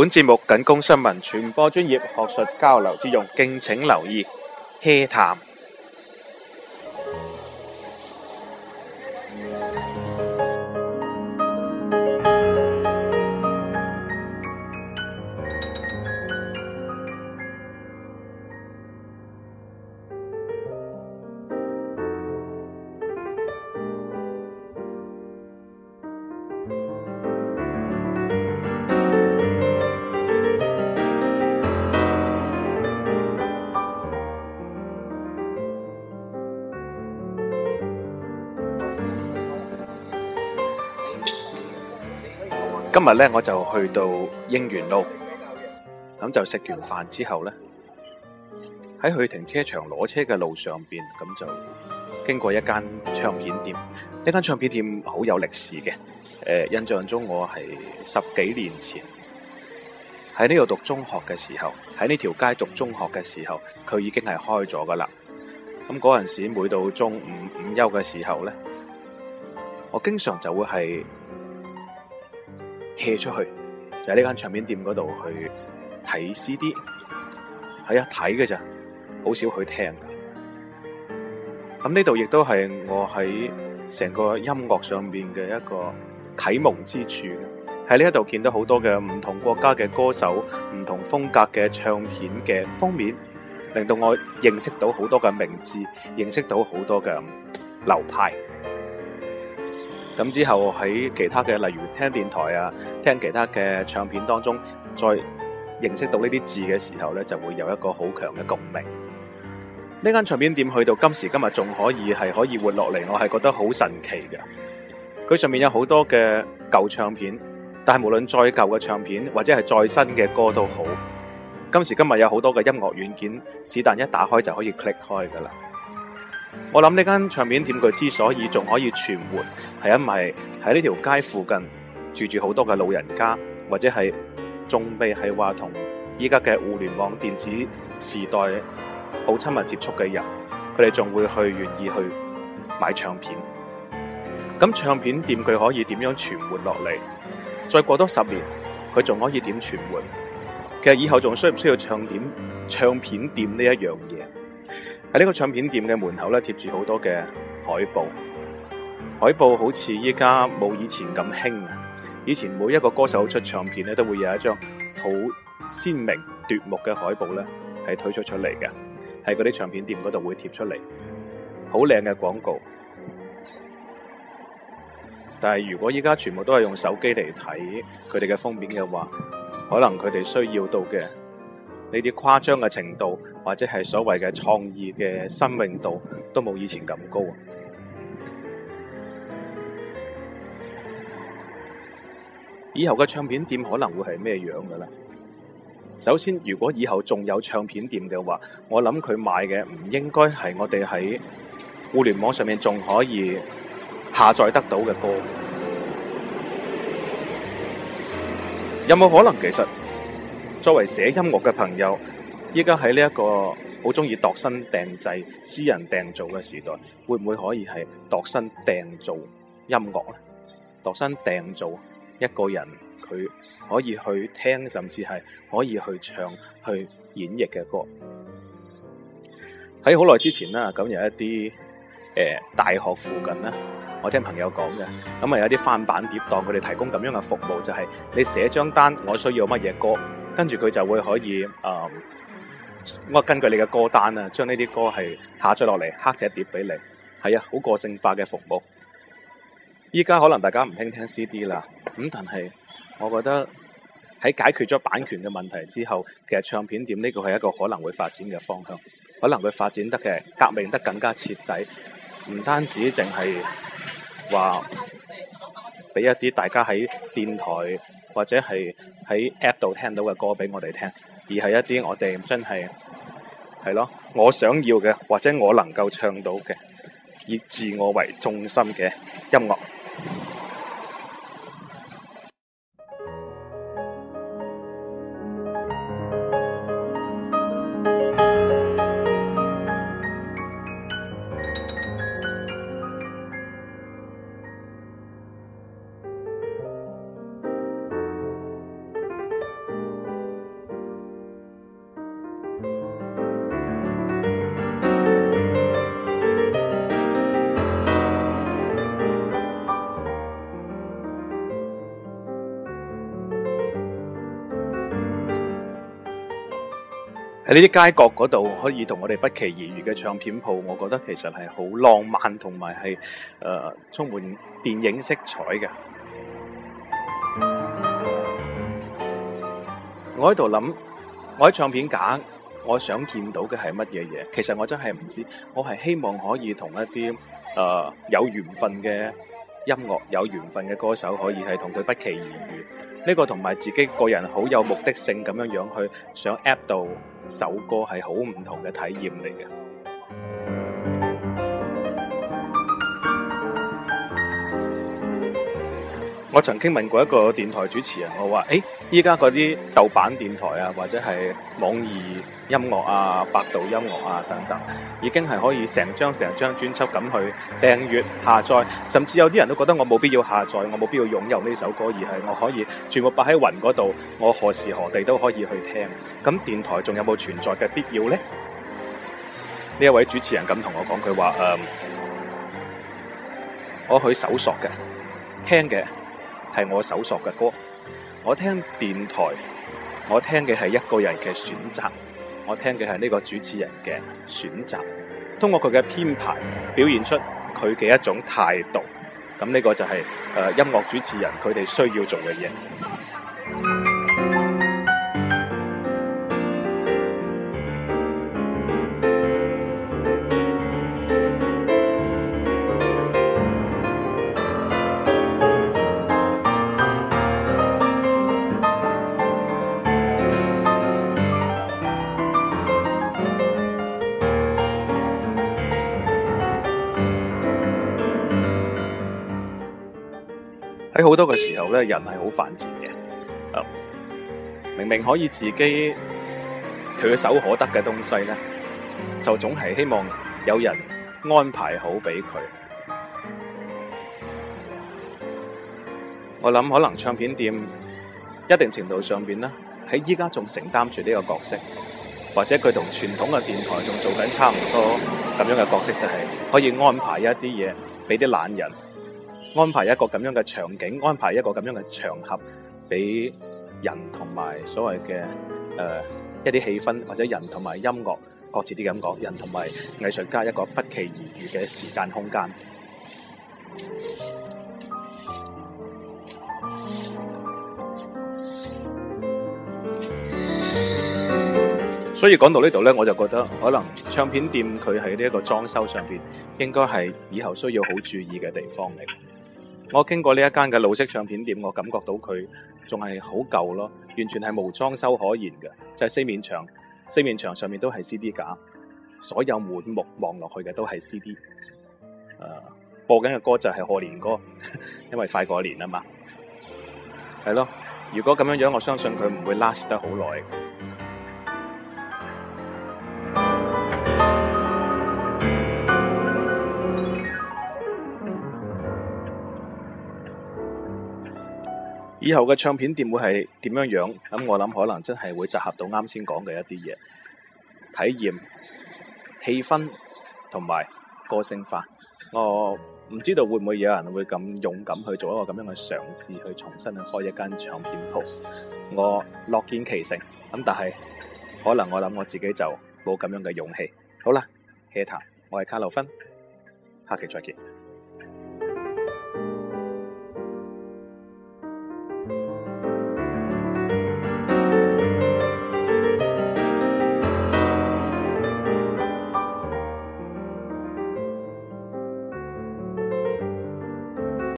本節目僅供新聞傳播專業學術交流之用，敬請留意。HEA 談。今日咧，我就去到應元路，咁就食完飯之後咧，喺去停車場攞車嘅路上邊，咁就經過一間唱片店。呢間唱片店好有歷史嘅，誒、呃，印象中我係十幾年前喺呢度讀中學嘅時候，喺呢條街讀中學嘅時候，佢已經係開咗噶啦。咁嗰陣時，每到中午午休嘅時候咧，我經常就會係。hea 出去就喺呢間唱片店嗰度去睇 CD，係一睇嘅咋，好少去聽㗎。咁呢度亦都係我喺成個音樂上面嘅一個啟蒙之處。喺呢一度見到好多嘅唔同國家嘅歌手、唔同風格嘅唱片嘅封面，令到我認識到好多嘅名字，認識到好多嘅流派。咁之後喺其他嘅，例如聽電台啊，聽其他嘅唱片當中，再認識到呢啲字嘅時候呢，就會有一個好強嘅共鳴。呢間唱片店去到今時今日仲可以係可以活落嚟，我係覺得好神奇嘅。佢上面有好多嘅舊唱片，但係無論再舊嘅唱片或者係再新嘅歌都好，今時今日有好多嘅音樂軟件，是但一打開就可以 click 開噶啦。我諗呢間唱片店佢之所以仲可以存活，係因為喺呢條街附近住住好多嘅老人家，或者係仲未係話同依家嘅互聯網電子時代好親密接觸嘅人，佢哋仲會去願意去買唱片？咁唱片店佢可以點樣存活落嚟？再過多十年，佢仲可以點存活？其實以後仲需唔需要唱片唱片店呢一樣嘢？喺呢個唱片店嘅門口咧，貼住好多嘅海報，海報好似依家冇以前咁興。以前每一個歌手出唱片咧，都會有一張好鮮明奪目嘅海報咧，係推出出嚟嘅，喺嗰啲唱片店嗰度會貼出嚟，好靚嘅廣告。但係如果依家全部都係用手機嚟睇佢哋嘅封面嘅話，可能佢哋需要到嘅。呢啲誇張嘅程度，或者係所謂嘅創意嘅生命度，都冇以前咁高啊！以後嘅唱片店可能會係咩樣嘅咧？首先，如果以後仲有唱片店嘅話，我諗佢買嘅唔應該係我哋喺互聯網上面仲可以下載得到嘅歌。有冇可能其實？作為寫音樂嘅朋友，而家喺呢一個好中意度身訂製、私人訂造嘅時代，會唔會可以係度身訂造音樂咧？度身訂造一個人，佢可以去聽，甚至係可以去唱、去演繹嘅歌。喺好耐之前啦，咁有一啲誒、呃、大學附近啦，我聽朋友講嘅，咁啊有啲翻版碟檔佢哋提供咁樣嘅服務，就係、是、你寫張單，我需要乜嘢歌。跟住佢就會可以，誒、嗯，我根據你嘅歌單啊，將呢啲歌係下載落嚟，刻隻碟俾你。係啊，好個性化嘅服務。依家可能大家唔興聽 CD 啦，咁但係我覺得喺解決咗版權嘅問題之後，其實唱片店呢個係一個可能會發展嘅方向，可能會發展得嘅，革命得更加徹底。唔單止淨係話，俾一啲大家喺電台。或者係喺 App 度聽到嘅歌畀我哋聽，而係一啲我哋真係係咯，我想要嘅或者我能夠唱到嘅，以自我為中心嘅音樂。喺呢啲街角嗰度，可以同我哋不期而遇嘅唱片鋪，我覺得其實係好浪漫和，同埋係誒充滿電影色彩嘅。我喺度諗，我喺唱片架，我想見到嘅係乜嘢嘢？其實我真係唔知，我係希望可以同一啲誒、呃、有緣分嘅。音樂有緣分嘅歌手可以係同佢不期而遇，呢個同埋自己個人好有目的性咁樣樣去上 app 度，首歌係好唔同嘅體驗嚟嘅。我曾經問過一個電台主持人，我話：，誒、哎，依家嗰啲豆瓣電台啊，或者係網易音樂啊、百度音樂啊等等，已經係可以成張成張專輯咁去訂閱、下載，甚至有啲人都覺得我冇必要下載，我冇必要擁有呢首歌，而係我可以全部擺喺雲嗰度，我何時何地都可以去聽。咁電台仲有冇存在嘅必要呢？呢一位主持人咁同我講，佢話：，嗯，我去搜索嘅，聽嘅。係我搜索嘅歌，我聽電台，我聽嘅係一個人嘅選擇，我聽嘅係呢個主持人嘅選擇，通過佢嘅編排表現出佢嘅一種態度，咁呢個就係、是、誒、呃、音樂主持人佢哋需要做嘅嘢。喺好多嘅時候咧，人係好犯賤嘅。明明可以自己唾手可得嘅東西咧，就總係希望有人安排好俾佢。我諗可能唱片店一定程度上邊咧，喺依家仲承擔住呢個角色，或者佢同傳統嘅電台仲做緊差唔多咁樣嘅角色，就係可以安排一啲嘢俾啲懶人。安排一個咁樣嘅場景，安排一個咁樣嘅場合，俾人同埋所謂嘅誒一啲氣氛，或者人同埋音樂各自啲咁講，人同埋藝術家一個不期而遇嘅時間空間。所以講到呢度咧，我就覺得可能唱片店佢喺呢一個裝修上面，應該係以後需要好注意嘅地方嚟。我經過呢一間嘅老式唱片店，我感覺到佢仲係好舊咯，完全係冇裝修可言嘅，就係、是、四面牆，四面牆上面都係 CD 架，所有滿目望落去嘅都係 CD。誒、啊，播緊嘅歌就係賀年歌，因為快過年吖嘛。係咯，如果咁樣樣，我相信佢唔會 last 得好耐。以後嘅唱片店會係點樣樣？咁我諗可能真係會集合到啱先講嘅一啲嘢，體驗、氣氛同埋個性化。我唔知道會唔會有人會咁勇敢去做一個咁樣嘅嘗試，去重新去開一間唱片鋪。我樂見其成。咁但係可能我諗我自己就冇咁樣嘅勇氣。好啦，hea 談，我係卡羅芬，下期再見。